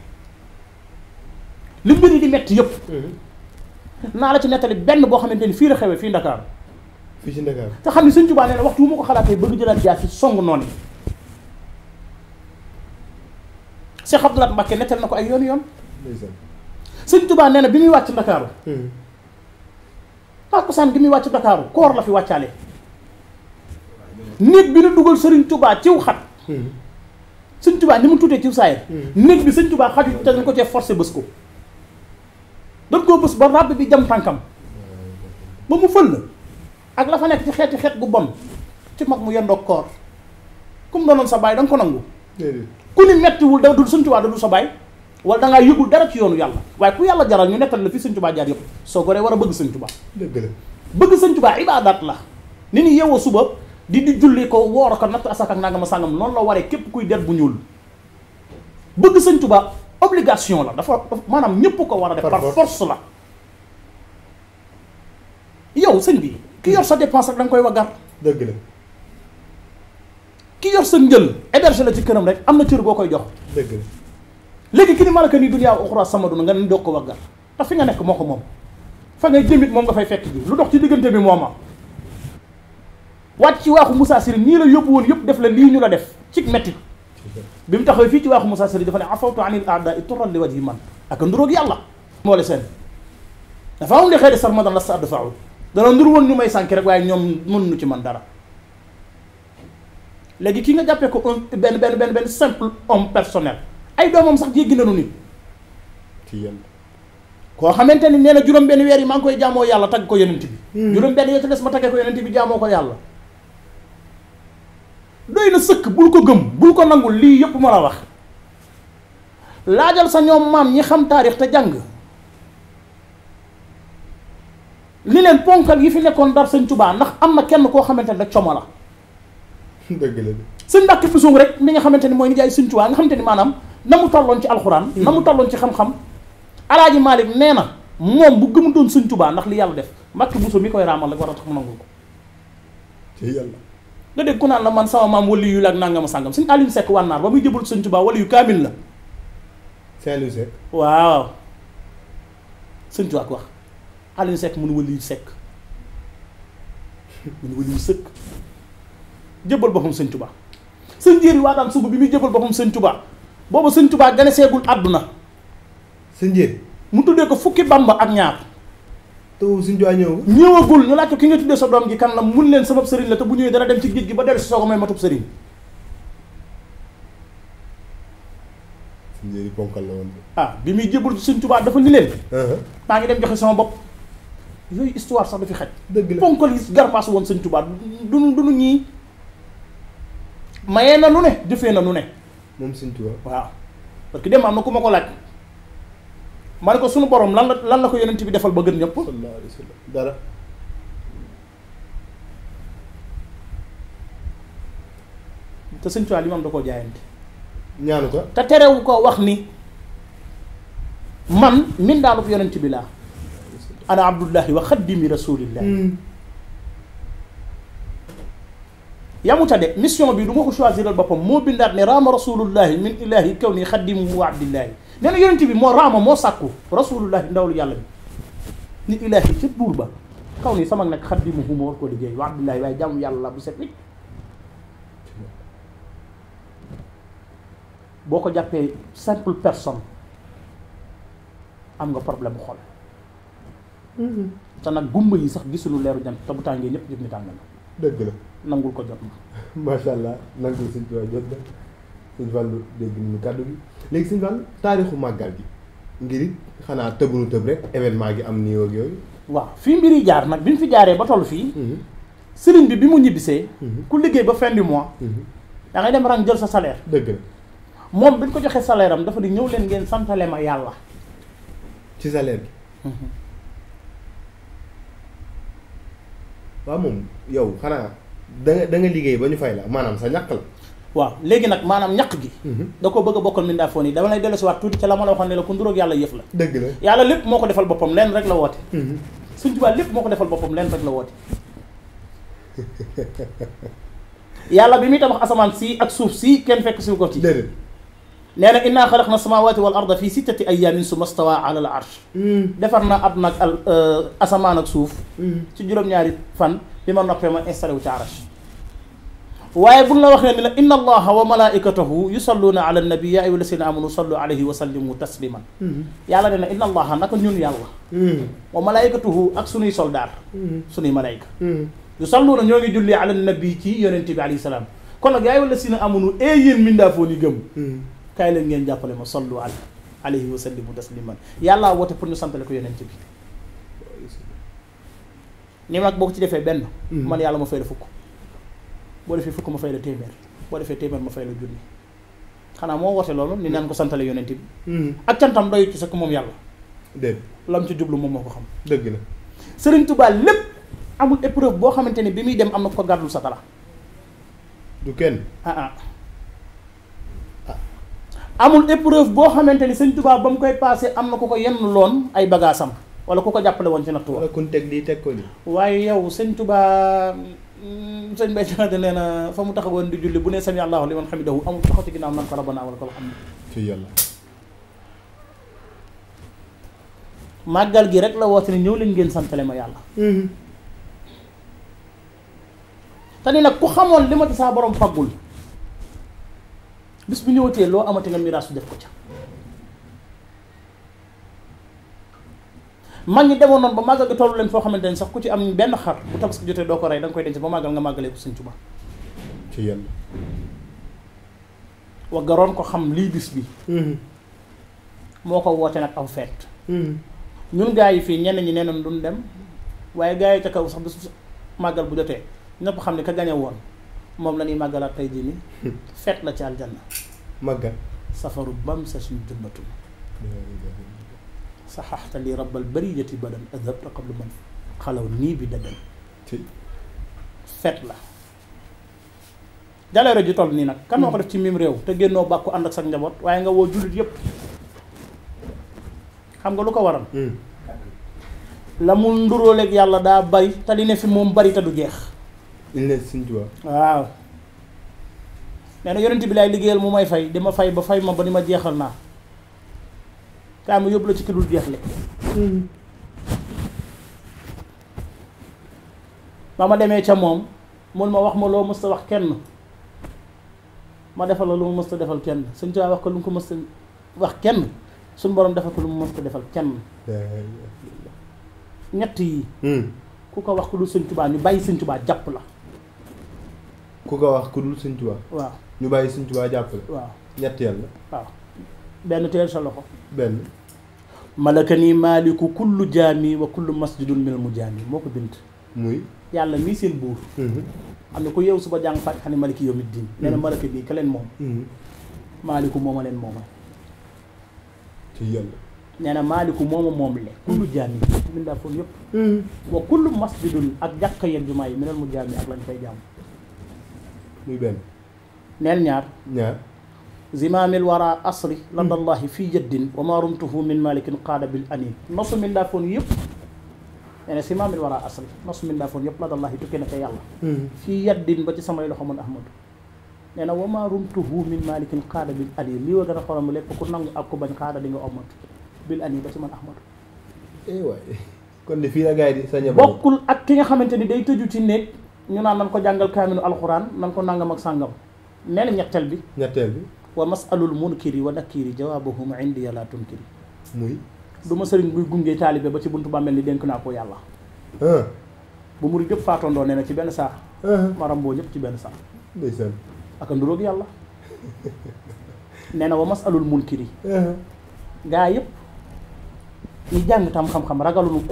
[SPEAKER 2] li mbir yi di metti yëpp. Mhm. naa la ci nettali benn boo xamante ni fii la xewee fii Ndakaar.
[SPEAKER 1] fii ci te
[SPEAKER 2] xam ne Sëñ Tuubaa nee na waxtu wu ma ko xalaatee bëgg jëlaat jaasi songu noonu yi. Cheikh Abdou na ko ay yoon yoon. Sëñ Tuubaa na bi muy wàcc Ndakaaru. Mhm. tàkkusaan gi muy wàcc Ndakaaru koor la fi wàccaale. nit bi nu dugal Sëriñ Tuubaa ciw xat. Mhm. sëñ tubaa ni mu tuutee ci saayir hmm. nek bi sëñ tubaa xadi te dañ ko cee forcer bës ko dañ ko bës ba ràbb bi dem tankam ba mu fël ak la fa nek ci xéti xeet gu bon ci mag mu yëndok koor comme doonoon sa bay da ko nangu ku ni metti wul da dul sëñ tubaa da dul sa bay wala da nga yëgul dara ci yoonu yalla way ku yalla jaral ñu nekkal la fi sëñ tubaa jaar yëpp so goree wara bëgg sëñ tubaa bëgg sëñ tubaa ibadat la ni ni yeewoo suba di di julli ko woor ko natt asaka ak nangam sangam non la waré kep kuy der bu ñuul bëgg señ tuba obligation la dafa manam ñepp ko wara def par force la yow señ bi ki yor sa dépense ak da koy wagar deug la ki yor sa ngeul héberger la ci kërëm rek amna ciir bokoy jox deug la légui ki ni malaka ni dunya ukhra samadu nga ne doog ko waggar te fi nga nek moko mom fa ngay jëmit mom nga fay fekk lu dox ci digënté bi moma wàcc ci waaxu Moussa Siri nii la yóbbu woon yëpp def la lii ñu la def cig métti bi mu taxawee fii ci waaxu Moussa Siri dafa ne afawtu anil aada i turan li wajhi man ak nduróog yàlla moo le seen dafa am li xëy de sarmadan la sa adfaaw dana ndur woon ñu may sànki rek waaye ñoom mënuñu ci man dara léegi ki nga jàppee ko un benn benn benn benn simple homme personnel ay doomam sax jéggi nañu nit koo xamante ni nee na juróom benn weer yi maa ngi koy jaamoo yàlla tagg ko yonent bi juróom benn yoo ci des ma taggee ko yonent bi jaamoo ko yàlla doy na sëkk bul ko gëm bul ko nangul lii yëpp ma la wax laajal sa ñoom maam ñi xam taarix te jàng li leen ponkal yi fi nekkoon dar sëñ Tuubaa ndax am na kenn koo xamante ne rek como la. dëgg la sëñ Mbàkke Buso rek mi nga xamante ni mooy nijaay sëñ Tuubaa nga xamante ni maanaam na mu tolloon ci alxuraan. Hmm. na mu tolloon ci xam-xam. Alaaji Maalik nee na moom bu gëm doon sëñ Tuubaa ndax li yàlla def Mbàkke Buso mi koy raamal rek war a tax mu nangul ko. nga dégg ku naan la man sama maam wali yu la ak nangama sàngam suñ Aliou Seck wànnaar ba muy jëbal suñ Tuubaa wali yu kaamil la c'est Aliou Seck waaw suñ Tuubaa ko wax Aliou Seck mun wali yu Seck mun wali yu sëkk jëbal boppam suñ Tuubaa sëñ waa daan sugu bi muy jëbal boppam suñ Tuubaa booba suñ Tuubaa gane seegul àdduna sëñ jéeri mu tuddee ko fukki bamba ak ñaar te suñ jooy ñëw ñëwagul nga kan la mun sabab sëriñ la te bu ñëwee dana dem ci géej ponkal la won ah bi muy jébul ci sëriñ Tuubaa dafa ni leen uh-huh. ngi dem joxe sama bopp yooyu histoire sax dafi xaj dëgg la ponkal yi dunu dunu ñii mayee na nu ne jëfee na nu ne moom sëriñ waaw parce que dem am na ku ko laaj man ko sunu boroom lan la lan la ko yonent bi defal ba gën ñëpp. sallallahu alayhi wa sallam dara. te sëñ Tuubaa da koo jaayante. ñaanu ko te terewu ko wax ni man min daalub yonent bi laa. ana abdullahi wa xaddimi rasulillah. Hmm. yamu ca de mission bi duma ma ko choisiral boppam moo bindaat ne raama rasulullahi min ilahi kaw nii xaddimu wa abdillahi nee na yonent bi moo raama moo sàkku rasulullahi ndawlu yàlla bi min ilahi ca buur ba kaw nii sama nag xaddimu hu ma war koo liggéey wa abdillahi waaye jàmm yàlla bu set nit boo ko jàppee simple personne am nga problème bu xol mm-hmm. te nag gumba yi sax gisuñu leeru jant te bu tàngee ñëpp ñëpp ñu tàng na dëgg la nangul ko jot
[SPEAKER 1] ma allah nangul seigne touba jot na seigne Fallu dégg nañu kaddu bi leg seigne Fallu tarikhu magal gi ngir xana teugunu teub rek evenement gi am
[SPEAKER 2] ni yo wa fi mbiri jaar nak fi jaaré ba tollu fi mhm. sëriñ bi bi mu ñibbisee. Mhm. ku liggéey ba fin du mois. Mhm. da ngay dem rang jël sa salaire. deug la moom ko joxé salaire am dafa di ñew leen ngeen santalé ma yalla.
[SPEAKER 1] ci salaire bi. wa mom yow xana
[SPEAKER 2] da danga da liggéey ba ñu fay la maanaam sa ñàkk la. waaw léegi nag maanaam ñaq gi mhm. da ko bëgg a bokkal mindaafoon yi dama lay dellusiwaat tuuti ca la ma la waxoon ne la ku nduróog yàlla yëf la la yàlla lépp moo ko defal boppam leen rek la woote mhm. suñ tubaab lépp moo ko defal boppam leen rek la woote yàlla bi muy tabax asamaan si ak suuf si kenn fekk suñu ko ci nee na innaa xalaqna samaawaati wal arda fii sittati ayyaamin summa stawaa ala al arsh defar na ab nag al asamaan ak suuf ci juróom-ñaari fan bi ma noppee ma installé wu ci arsh waaye bu ñu la waxee ni la inna allaha wa malaikatahu yusalluuna ala nabi yaa ayyuha alladina amanu sallu alayhi wa sallimu tasliman yàlla ne na inna allaha naka ñun yàlla wa malaikatahu ak sunuy soldaar sunuy malayka yusalluuna ñoo ngi julli ala nabi ci yonente bi alayhi salaam kon nag yaa ayyuha alladina amanu ee yéen mindaafoon yi gëm kaay leen ngeen jàppale ma sallu ala alayhi des ni man yàllaa woote pour ñu santale ko yonent bi ni mag boo ko ci defee benn mm-hmm. man yàlla ma fay la fukk boo defee fukk ma fay la téeméer boo defee téeméer ma fay junni xanaa moo woote loolu ni naan ko santale yonent bi mm-hmm. ak cantam doyu ci sa ko moom yàlla dégg lam ci jublu moom moo ko xam dëgg la Sëriñ Tuubaa lépp amul épreuve boo xamante ne bi muy dem am na ko gàddul satala du kenn ah, ah. amul épreuve boo xamante ni sëñ Tuubaa ba mu koy passé am na ku ko yenn loon ay bagaasam wala ku ko jàppale woon ci nattu wala teg lii teg ko waaye yow sañ tubaa mm, sëñ Bay Jaxate nee na fa mu taxawoon di julli bu ne sami Allahu liman hamidahu amul taxaw ci ginnaaw naan ko rabbana wala ko xam gi rek la woote ni ñëw leen ngeen santale ma yàlla mm-hmm. te ni nag ku xamoon li ma di saa borom faggul bis bu ñëwatee loo amati nga miraas def ko ca mag ñi demoon noonu ba màggal gi tollu leen foo xamante ne sax ku ci am benn xar bu tabaski jotee doo ko rey da nga koy denc ba màggal nga màggalee ko Sëñ Tuubaa ci yenn waggaroon ko xam lii bis bi mm-hmm. moo ko woote nag aw feet mm-hmm. ñun gaa yi fii ñenn ñi nee nañ duñ dem waaye gaa yi ca kaw sax bis màggal bu jotee ñëpp xam ne ka gañe woon mom lañuy magala tay tey hmm. fet la ci aljanna magga safaru bam sa li rabbal bariyati badan adhab qabl man khalaw nii bi dadan fet la ra ju toll ni nak kan moko hmm. def ci mim rew te genno bakku ànd ak sa njaboot waaye nga wo julit yep xam nga lu ko waral hmm. la mu ak yalla da bari ta li ne fi mom bari ta du jeex
[SPEAKER 1] indi suñ tubaab
[SPEAKER 2] waaw nee na yonent bi laay liggéeyal mu may fay di ma fay ba fay ma ba ni ma jeexal naa kaa ma yóbbu la ci kërul dul jeexle mm. ba ma demee ca moom mun ma wax ma loo mës ta wax kenn ma defal la lu mu mës ta defal kenn suñ tubaab wax ko lu mu ko mës ta wax kenn suñ borom defal ko lu mu mës ta defal kenn ñett yi mm. ku ko wax ko dul suñ tubaab ñu bàyyi suñ tubaab jàpp la
[SPEAKER 1] ko ko wax ku dul sëñ Tuubaa waaw ñu bàyyi sëñ Tuubaa jàppale waaw ñett yàlla
[SPEAKER 2] waaw benn teel sa loxo benn malaka nii maaliku kullu jaami wa kullu masjidun minal mu jaami moo ko bind muy yàlla mii seen buur mhm. am na ko yow suba jàng fàcc xam ne maliki yow mit diin mhm. moom mhm. maaliku mooma leen mooma ci yàlla nee na maaliku mooma moom le kullu jaami mindaa foofu yëpp wa kullu masjidun ak jàkka yeen jumaa yi minal mu jaami ak lañ fay jàmm muy benn neel ñaar ñaar zimaamil wara asri ladallahi fi jaddin wa ma rumtuhu min malikin qaada bil anin nosu min daa foon yëpp ene zimaamil wara asri nosu min daa foon yëpp ladallahi tukki na ca yàlla fii yaddin ba ci samay loxo man ahmadu nee na wa ma rumtuhu min malikin qaada bil anin lii wa gën a xorom lépp ku nangu ak ku bañ qaada di nga ommat bil anin ba ci man ahmadu eh waay
[SPEAKER 1] kon de fii la gars yi di sañ bokkul
[SPEAKER 2] ak ki nga xamante ni day tëju ci néeg ñu naan nañ ko jàngal kaamilu alquran nañ ko nangam ak sàngam nee na ñetteel bi ñetteel bi wa masalul munkiri wa nakiri jawabuhum indi la tunkiri muy duma ma sëriñ buy gungee ba ci buntu bàmmeel ni dénk naa ko yàlla ah. bu muri yëpp faatondoo nee na ci benn saax ah. maram boo ñëpp ci benn saax ndeysaan ak nduróog yàlla nee na wa masalul munkiri ah. gaa yëpp ñi jàng tam xam-xam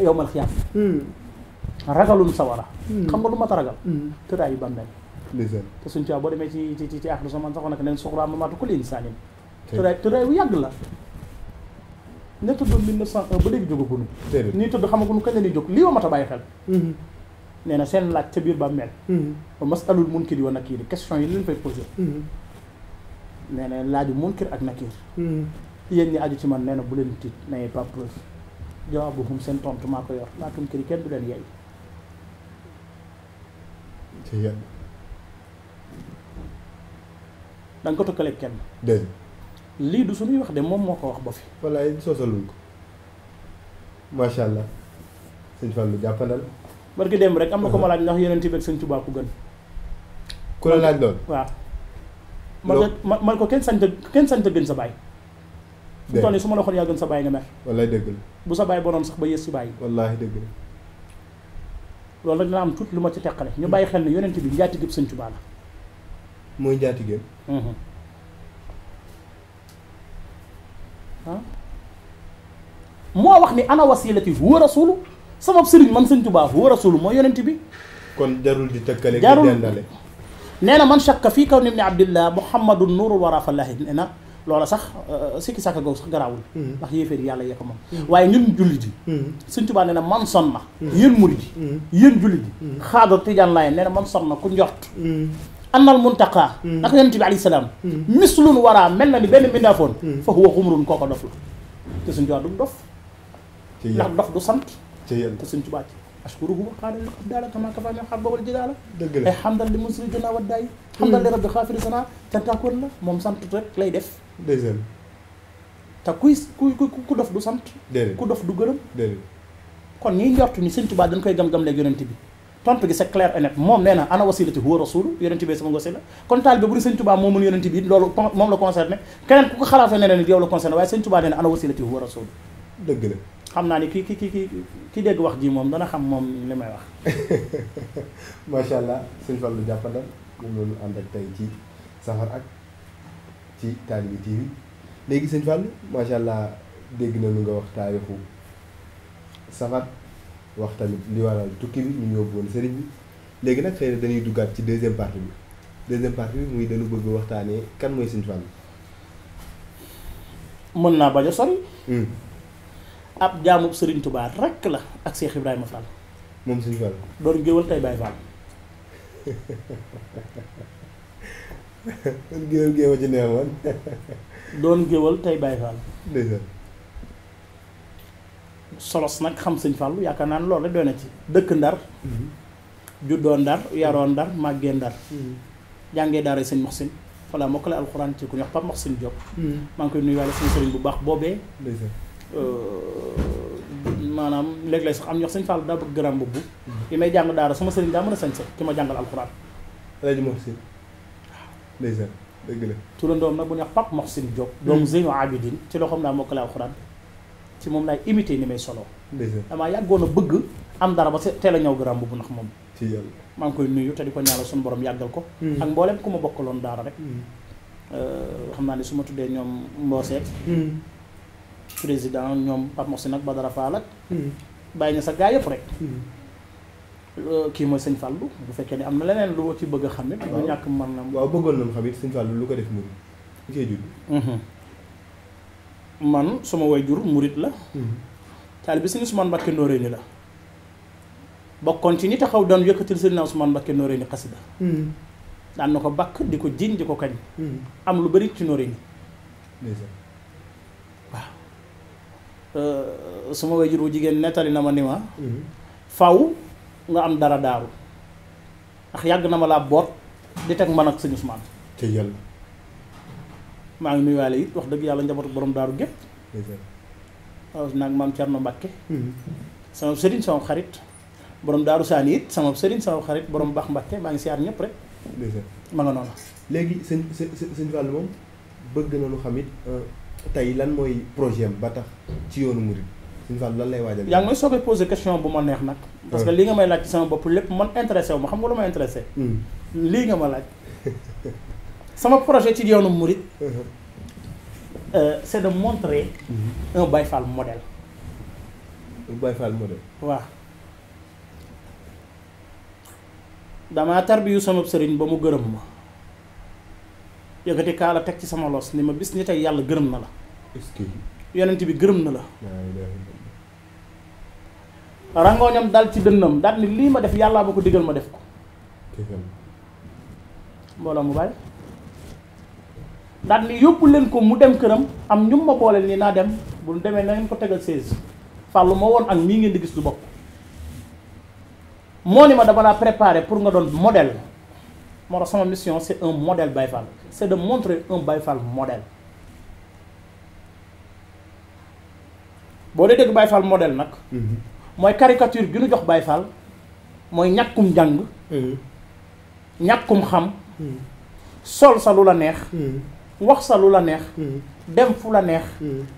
[SPEAKER 2] yowmal ragalun sawara hmm. xam nga lu mat a ragal hmm. tëdaayu bàmmeel te suñ tubaab boo demee ci ci ci axlu saman saxoon nag neen suxraa mamaatu kulli insaanin tëdaay tëdaay yàgg la ne tudd 1901 ba léegi jógaguñu nii tudd xamaguñu kañ la ñuy jóg lii wa mat a bàyyi xel hmm. nee na seen laaj ca biir bàmmeel masalul munkir wa nakiir question yi leen fay posé
[SPEAKER 3] nee
[SPEAKER 2] na laaju munkir ak nakiir yéen ñi aju ci man nee na bu leen tiit n'ayez pas peur jawaabuhum seen tontu maa ko yor laa tunkiri kenn du leen yey ci Dan da nga ko tëkkale kenn dégg lii
[SPEAKER 1] du suñuy wax de moom moo ko wax ba fi wallaay soosaluñ ko macha allah sëñ Fallou jàppandal
[SPEAKER 2] barki démb rek am na ko ma laaj ndax yeneen tibeeg sëñ Tuubaa ku gën ku la laaj loolu waaw man ko man ko kenn sañ ta kenn gën sa baay fu mu toll nii su gën sa baay nga mer wallaay dëgg la bu sa baay bonoon sax ba yées si baay wallaay dëgg loolu rek dina am tout luma ci tekkale ñu bàyyi xel ni yonent bi njaatigéb sëñ Tuubaa la hmm njaatigéb mo wax ni ana wasilati huwa rasul sama serigne man señtu ba huwa rasul mo yonent bi kon jarul di tëkkale jarul dendale neena man shakka fi kawni ibn abdullah muhammadun nurul wa rafa allah ina loola sax sikki sàkka googu sax garaawul ndax yéeféer yàlla yee ko moom waaye ñun jullit yi Sëñ Tuubaa nee na man son na yéen murid yi yéen jullit yi xaadar tijaan laay nee na man son na ku njort annal muntaqaa naka yonent bi alayhi salaam mislun waraa mel na ni benn mbindaafoon fa huwa xumrun kooko dof la te Sëñ Tuubaa du dof ndax dof du sant te Sëñ Tuubaa ci ashkuruhu wa qaala li abdaala kama kafa min xar boobal jidaala ay xamdal li musri jona waddaay xamdal li rabbi xaafiri sana cantakoon la moom sant rek lay def ndeysaan te kuy ku ku dof du sant ku dof du gërëm kon ñiy njort ni sëñ Tuubaa dañ koy gam-gam leeg yonent bi tontu gi c'est clair et net moom nee na ana wasilati huwa rasulu yonent bi sama wasila kon taal bi bu di sëñ Tuubaa moo mën yonent bi loolu moom la concerné keneen ku ko xalaatee nee na yow la concerné waaye sëñ Tuubaa nee na ana wasilati huwa rasulu dëgg la xam naa ni ki ki ki ki ki dégg wax ji moom dana xam moom li may wax
[SPEAKER 1] macha allah sëñ Fallou jàppandal moom loolu ànd ak tey ci safar ak ci Talibe TV léegi sëñ Fallou macha allah dégg na lu nga wax taarixu safar wax tamit li waral tukki bi ñu yóbbu woon sëriñ bi léegi nag xëy dañuy duggaat ci deuxième partie bi deuxième partie bi muy dañu bëgg waxtaanee kan mooy sëñ Fallou.
[SPEAKER 2] mën naa bañ sol sori. Hmm. ab jaamub sëriñ Touba rekk la ak Cheikh Ibrahima Fall. moom sëñ Fallou. doon géwal tey Baye Fall. kon géwél géew a ci neexoon doon géwél tey Baye Fall ndeysaan solos nag xam sëñ Fallu yaakaar naa loolu doy na ci dëkk ndar mm-hmm. juddoo ndar yaroo ndar màggee ndar mm-hmm. jàngee daara sëñ Moxsin voilà mokkale alxuraan ci ku ñu wax Pape Moxsin Diop mm-hmm. maa ngi koy nuyuwaale sëñ sëriñ bu baax boobee euh, maanaam léeg-léeg sax am ñox sëñ Fallu daa bëgg bu mbubb yi may jàng daara sama sëriñ daa mën a sañse ki ma jàngal alxuraan Alaaji
[SPEAKER 1] ndeysaan dëgg la
[SPEAKER 2] turandoom nag bu ñu wax Pape Moxsin Diop hmm. doomu Zeynu Abidin ci loxoom laa mokkale alxuraan ci moom laay imité ni may solo damaa yàggoon a bëgg am dara ba teel a ñëw garaam bu ndax moom ci maa ngi koy nuyu te di ko ñaanal suñu borom yàggal ko hmm. ak mboolem ku ma bokkaloon daara rek hmm. euh, xam naa ne su ma tuddee ñoom mbooseet président ñoom Pape Moxsin ak Badara Fall ak bàyyi na sa gaa yëpp rek Euh, kii mooy sëñ Fallou bu fekkee ne am na leneen lu ci bëgg a xam it. waaw ñàkk man na. waaw bëggoon nañu xam it sëñ Fallou lu ko def murid li koy judd. Mhm. man sama waajur murid la. Mhm. taalibe bi sëñ Ousmane Mbacké Noreyni la. bokkoon ci ñi taxaw doon yëkkatil sëñ Ousmane Mbacké Noreyni xasida mhm. daan na ko bakk di ko jiñ am lu bari ci Noreyni. waaw. Euh, sama waajur bu jigéen nettali na ma ni ma. faw nga am dara daru, ndax yag na ma laa boot di tek man ak seigne Ousmane te yel ma ngi nuyuwaale it wax deug yalla njabot borom daru gépp waaw nak mam Thierno Mbacke hmm. sama serigne sama xarit borom daru sanit, it sama serigne sama xarit borom bax Mbacke ma ngi siar ñep rek ma nga non léegi seigne seigne Fall mom bëgg na lu xamit euh,
[SPEAKER 1] tay lan moy projet ba tax ci yoonu murid Serigne Fallou lan lay waajal. yaa ngi
[SPEAKER 2] may soog a posé question bu ma neex nag. parce que li nga may laaj ci sama bopp lépp man intéressé wu ma xam nga lu ma hmm. lii nga ma laaj. sama projet ci yoonu Mouride. Euh, c'est de montrer. Hmm. un Baye Fall modèle. un Baye Fall damaa tarbiyu sama sëriñ ba mu gërëm ma. yëkkati kaala teg ci sama los ni ma bis ni tey yàlla gërëm na la. est-ce que yonent bi gërëm na la. rangoñam dal ci dënnam daal lii ma def yàllaa ma ko digal ma def ko mbooloo mu bàyyi daal yóbbu leen ko mu dem këram am ñum ma booleel nii naa dem bu ñu demee na ngeen ko tegal seize fàllu ma woon ak mii ngeen di gis du bokk moo ni ma dama laa préparé pour nga doon model moo tax sama mission c'est un modèle Baye Fall c'est de montrer un Baye model boo dee dégg Baye Fall nag mhm. moy caricature gi nu jox Baye Fall mooy ñàkkum jàng ñakum xam sol sa lu la neex wax sa lu la neex dem fu la neex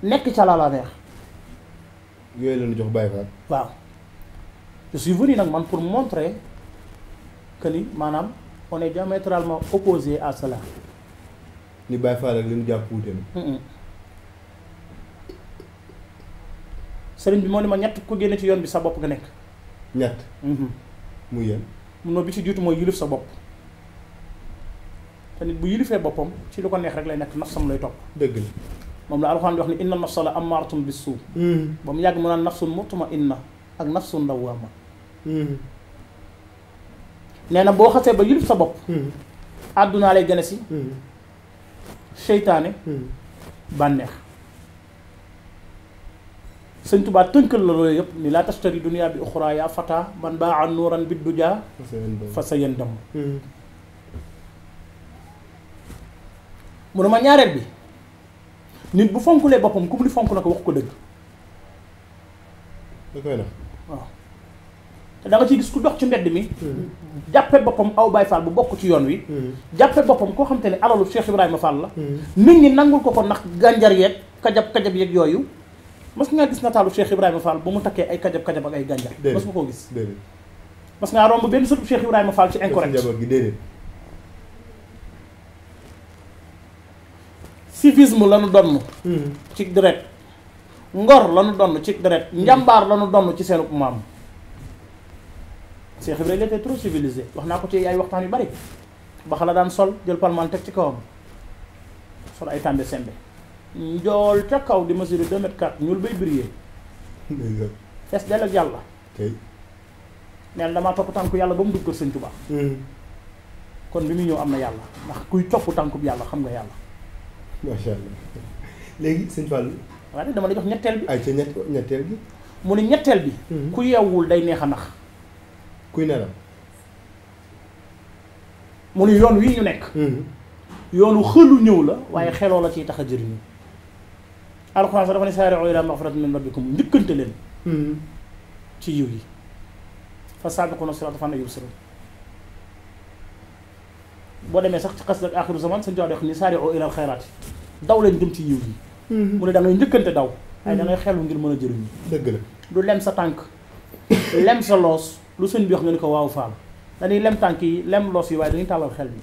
[SPEAKER 2] nekk ci la la neex
[SPEAKER 1] yoy la ñu jox Baye Fall
[SPEAKER 2] waaw je suis venu nak man pour montrer que ni manam on est diamétralement opposé à cela
[SPEAKER 1] ni Baye Fall ak li ñu jàpp wuute
[SPEAKER 2] na sëriñ bi moo ne ma ñett ku génne ci yoon bi sa bopp nga nekk.
[SPEAKER 4] ñett. Mhm. mu yéen.
[SPEAKER 2] non bi ci jiitu mooy yilif sa bopp te nit bu yilifee boppam ci lu ko neex rek lay nekk nafsam lay topp. dëgg la moom la alxuraan di wax ni inna nafsa la amaaratun bis suu. Mhm. ba mu yàgg mu naan nafsun mutma ak nafsun lawwaama. Mhm. nee na boo xasee ba yilif sa bopp. àddunaa lay gën seytaane. bànneex. sëñ tubaa tënkal la loolu yëpp li laa tastari dunia bi uxra ya fata man baa an nuuran bi duja fa sa yen dam munuma ñaareel bi nit bu fonkulee boppam ku mu ni fonk na ko wax ko dëgg da koy
[SPEAKER 4] def waaw
[SPEAKER 2] te da nga ciy gis ku dox ci mbedd mi hmm. jàppe boppam aw Baay Faal bu bokk ci yoon wi hmm. jàppe boppam koo xam te alalu Cheikh Ibrahima Fall la hmm. nit ñi nangul ko ko yek ka jap kajab kajab yek yoyu mas nga gis nataalu Cheikh Ibrahima Fall ba mu takkee ay kajab kajab ak ay gànjar mas nga koo gis mas ngaa romb benn sëtu Cheikh Ibrahima Fall ci incorrect civisme hmm. la nu donn ci deret ngor la nu ci deret njàmbaar la nu donn ci seenu maam Cheikh Ibrahima était trop civilisé wax naa ko ci ay waxtaan yu bari ba xala daan sol jël palmaan teg ci kawam sol ay tàmbe sembe njool ca kaw di mesure deux mètres quatre ñuul bay briller fees dell ak yàlla neen damaa topp tànku yàlla ba mu dugg kër sëñ Tuubaa kon bi muy ñëw am na yàlla ndax kuy topp tànkub yàlla xam nga yàlla
[SPEAKER 1] macha allah
[SPEAKER 2] léegi sëñ Fall waaye dama la jox ñetteel bi ay ca ñett ñetteel bi mu ne ñetteel bi ku yeewul day neex a nax kuy nelaw mu ne yoon wii ñu nekk yoonu xëlu ñëw la waaye xeloo la ciy tax a jëriñu القرآن صرف لي سارعوا إلى مغفرة من ربكم ذكنت لهم تيوي فسابقوا نصر أطفال يبصروا بعدما سقط قصد آخر الزمان سنجاد يخني سارعوا إلى الخيرات دولة ذكنت يوي مولد أنا ذكنت داو أنا ما يخلون غير من جرمي دقل لو لم ستانك لم سلوس لو سنبيخ نلقى واو فال لأن لم تانكي لم لوس يواجهين تالو خلبي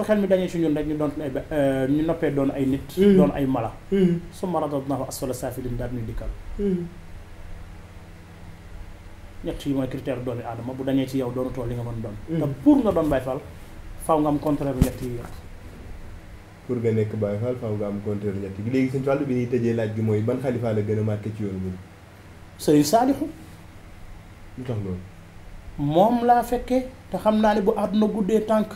[SPEAKER 2] su xel mi dañee si ñun rek ñu doon eh, ay eh, ñu noppee doon ay nit. Mm-hmm. doon ay mala. Mm-hmm. su maradadnaahu asfala saafiliin daal ñu dikkal. Mm-hmm. ñett yi mooy critère doomi aadama bu dañee ci yow doonu tool li nga mën doon. te pour nga doon Baay Faal faaw nga am contraire bu ñett yi yëpp.
[SPEAKER 1] pour nga nekk Baay léegi seen wàllu bi ñuy tëjee laaj bi mooy ban xalifa la gën a marqué ci yoon bi. Sëriñ Saalixu. lu tax loolu.
[SPEAKER 2] moom laa fekkee te xam naa ne bu àdduna guddee tànk.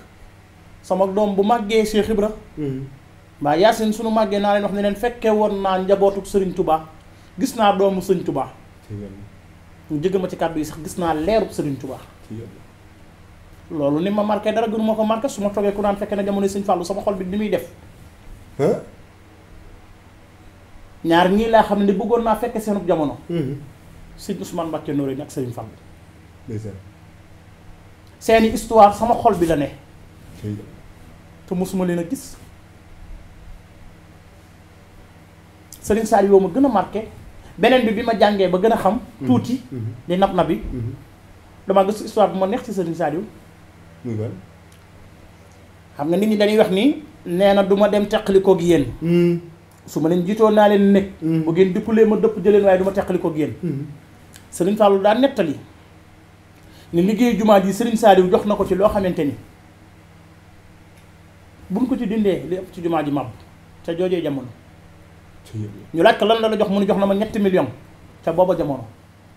[SPEAKER 2] sama doom bu màggee Cheikh Ibra hmm. mbaa Yaasin sunu màggee naa leen wax ne leen fekkee woon naa njabootu sëriñ Touba gis naa doomu sëriñ Touba ñu jëgg ma ci kàddu yi sax gis naa leerub sëriñ Touba loolu ni ma marqué dara gënu ma ko marqué su ma toogee ku naan fekkee na jamono sëñ Fallou sama xol bi ni muy def ñaar laa xam ne bëggoon naa fekkee seenub jamono hmm. sëñ Ousmane Mbacke Noreyni ak sëriñ Fallou seeni histoire sama xol bi la ne te musuma leena gis Serigne Saliou ma gëna marqué benen bi bima ma jàngee ba gëna xam. Mhm. tuuti mhm. di nap nabi mhm. dama gis histoire bu ma neex ci Serigne Saliou. xam nga nit ñi dañuy wax ni neena na dem teqalikoog yéen. Hmm. su suma leen jiitoon na leen nek hmm. bu ngeen dëppulee ma depp jëleen way duma ma teqalikoog yéen. Hmm. Serigne Fallou da netali ni liggéeyu juma ji Serigne Saliou jox nako ci lo xamanteni buñ ko ci dindee li ëpp ci jumaa ji màbb ca joojee jamono ñu laaj ko lan la la jox mu ne jox na ma ñetti million ca booba jamono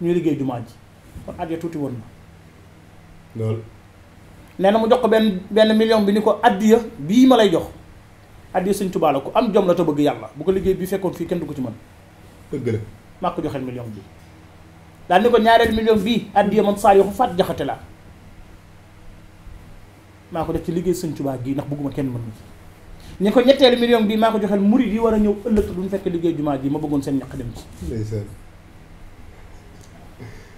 [SPEAKER 2] ñuy liggéey jumaa ji kon addiya tuuti woon
[SPEAKER 4] na
[SPEAKER 2] nee na mu jox ko benn benn million bi ni ko addiya bii ma lay jox addiya sëñ tubaala la ko am jom la te bëgg yàlla bu ko liggéey bi fekkoon fii kenn du ko ci mën dëgg la maa ko joxeel million bi daal ni ko ñaareel million bii addiya man saa yoo ko faat jaxate la maa ko def ci liggéey sëñ Tuubaa gii ndax bëgguma kenn mën ma ci ñi ko ñetteelu million bi maa ko joxel murid yi war a ñëw ëllëg duñ fekk liggéey jumaa ji ma bëggoon seen ñaq dem ci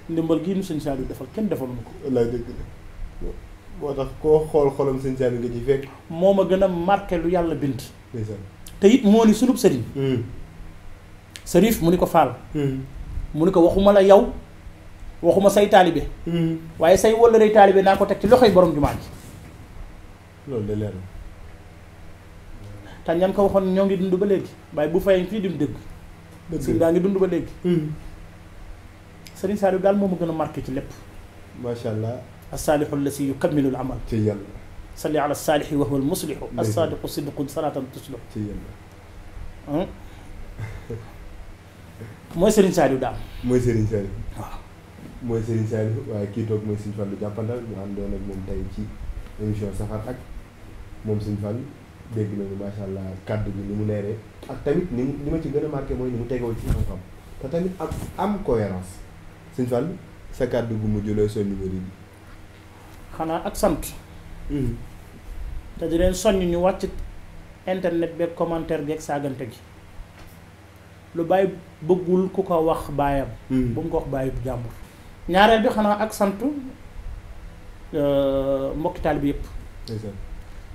[SPEAKER 2] ndimbal gii nu sëñ Saliou defal kenn defal ma ko wallaay dëgg la moo tax koo xool xolam sëñ Saliou nga ci fekk moo ma gën a marqué lu yàlla bind te it moo ni sunub sëriñ sërif mu ni ko faal mu ni ko waxuma la yow waxuma say taalibe waaye say wëllëree taalibe naa ko teg ci loxoy borom jumaa ji loolu de leer te ñam ko waxoon ñoo ngi dund ba léegi waaye bu fayee fii di dégg. dëgg sëñ daa ngi dund ba léegi. sëriñ Saliou daal moom a gën a marqué ci lépp. macha allah. as-saalihu allasi yukammilu al-amal. ci yàlla. salli ala saalihi wa huwa al-muslihu. as-saadiqu sidqun salaatan tuslihu. ci yàlla. mooy sëriñ Saliou daal.
[SPEAKER 1] mooy sëriñ Saliou. waaw. mooy sëriñ Saliou waaye kii toog mooy sëriñ Fallou jàppandal ñu àndoon ak moom tey ci émission safar ak. moom suñ fan dégg nañu macha allah kaddu bi ni mu leeree ak tamit ni ni ma ci gën a marqué mooy ni mu tegoo ci xam-xam te tamit ak am cohérence suñ fan sa kaddu bu mu looy soññ numéro bi.
[SPEAKER 2] xanaa ak sant. Hmm. te di leen soññ ñu wàcc internet beeg commentaire beeg saagante gi lu bàyyi bëggul ku ko wax baayam. Hmm. bu mu ko wax bàyyi jàmbur. ñaareel bi xanaa ak sant euh, mbokki taalibe bi yëpp.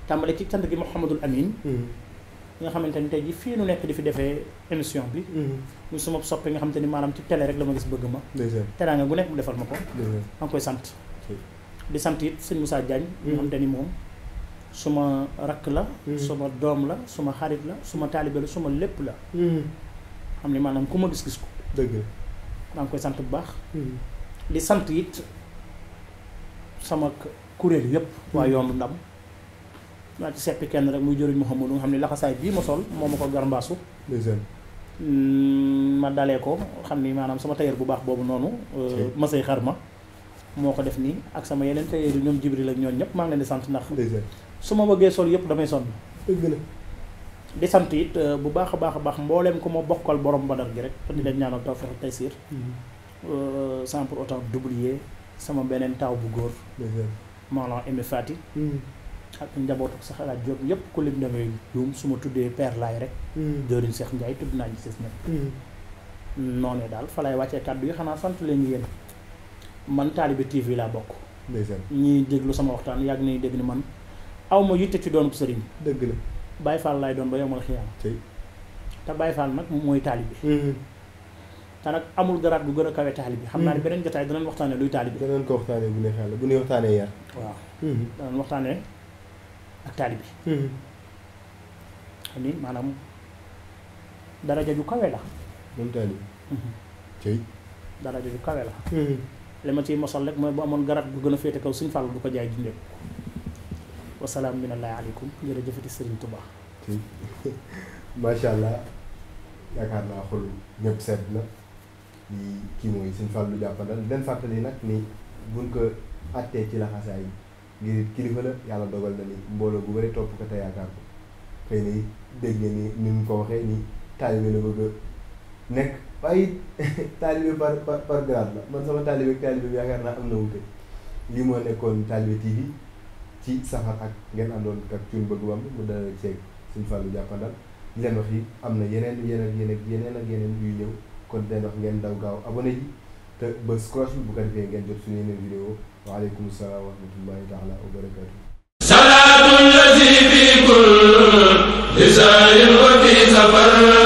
[SPEAKER 2] tàmbale ci sant gi Mouhamadul Amin mm-hmm. nga xamante tay ji fi ñu nekk di fi defee émission bi hmm mu suma soppe nga xamante manam ci télé rek la ma gis bëgg ma nga gu nekk mu defal mako ko ma koy sante di sant it sëñ Moussa Diagne nga mm-hmm. xamante mom suma rak la mm-hmm. suma dom la suma xarit la suma talibé la suma lepp la xam ni manam ku ma gis-gis ko dëgg maa koy sante bu baax di sant it sama kuréel yëpp waa yoonu ndam maa ci seppi kenn rek muy jëriñ Mouhamadou nga xam ne bi bii ma sol moo ma ko gar mbaasu ma ko sama tailleur bu baax boobu noonu euh, masay xar ma moo aksa def nii ak sama yeneen tailleur yi Jibril ak ñoom ñëpp maa ngi di sant ndax su sol yëpp damay sonn di sant it euh, bu baax baax baax borom badar gi rek di leen ñaanal Sampur ak taysiir mm-hmm. euh, sans pour autant d'oublier sama benen taw bu góor maanaam Aimé ak njabootu sax alaaj Jóob yëpp ku lim damay juum su ma tuddee Père Laay rek. jëriñ hmm. Seex Njaay tudd naa ñu si ñëpp.
[SPEAKER 3] Hmm.
[SPEAKER 2] noonee daal fa laay wàccee kàddu yi xanaa sant leen yéen man Talibe TV laa bokk. ndeysaan ñiy déglu sama waxtaan yàgg nañu dégg ni man aw ma yitte ci doon sëriñ. dëgg la baay Fall laay doon ba yomal xiyaam. te Baye Fall nag mooy Talibe. Hmm. te nag amul bu gën a kawe Talibe. xam naa ne beneen jotaay danañ waxtaanee luy Talibe. danañ ko waxtaanee bu ne xel bu ne waxtaanee yar. waaw danañ waxtaanee. ak taalibe mm-hmm. xam ni maanaam daraja ju kawe la
[SPEAKER 1] moom taalibe tey mm-hmm.
[SPEAKER 2] daraja mm-hmm. ma ciy mosal rek mooy bu amoon garab gu gën a féete kaw suñ fàll du ko jaay dundee wasalaam minallaahi aleykum jërëjëfati sëriñ Touba
[SPEAKER 1] macha allah yaakaar naa xol ñëpp sedd na li kii mooy suñ lu jàppandal leen fàttali nag ni buñ ko àttee ci laxasaay yi ngir it kilifa la yàlla dogal na ni mbooloo bu bëri topp ko te yaakaar ko xëy na dégg nga ni ni mu ko waxee ni taalibe la bëgg a nekk waaye it taalibe par par par grade la man sama taalibe ak taalibe bi yaakaar naa am na wute lii moo nekkoon Talibé TV ci safar ak ngeen àndoon ak cuun bëgg bam mu dalal ceeg suñu fàllu jàppandal di leen wax yi am na yeneen yeneen yeneen yeneen ak yeneen yuy ñëw kon di leen wax ngeen daw gaaw abonné ji te bës bu ko ngeen jot suñu yeneen vidéo وعليكم السلام ورحمة الله تعالى وبركاته
[SPEAKER 3] سلام الذي في كل لسان وفي سفر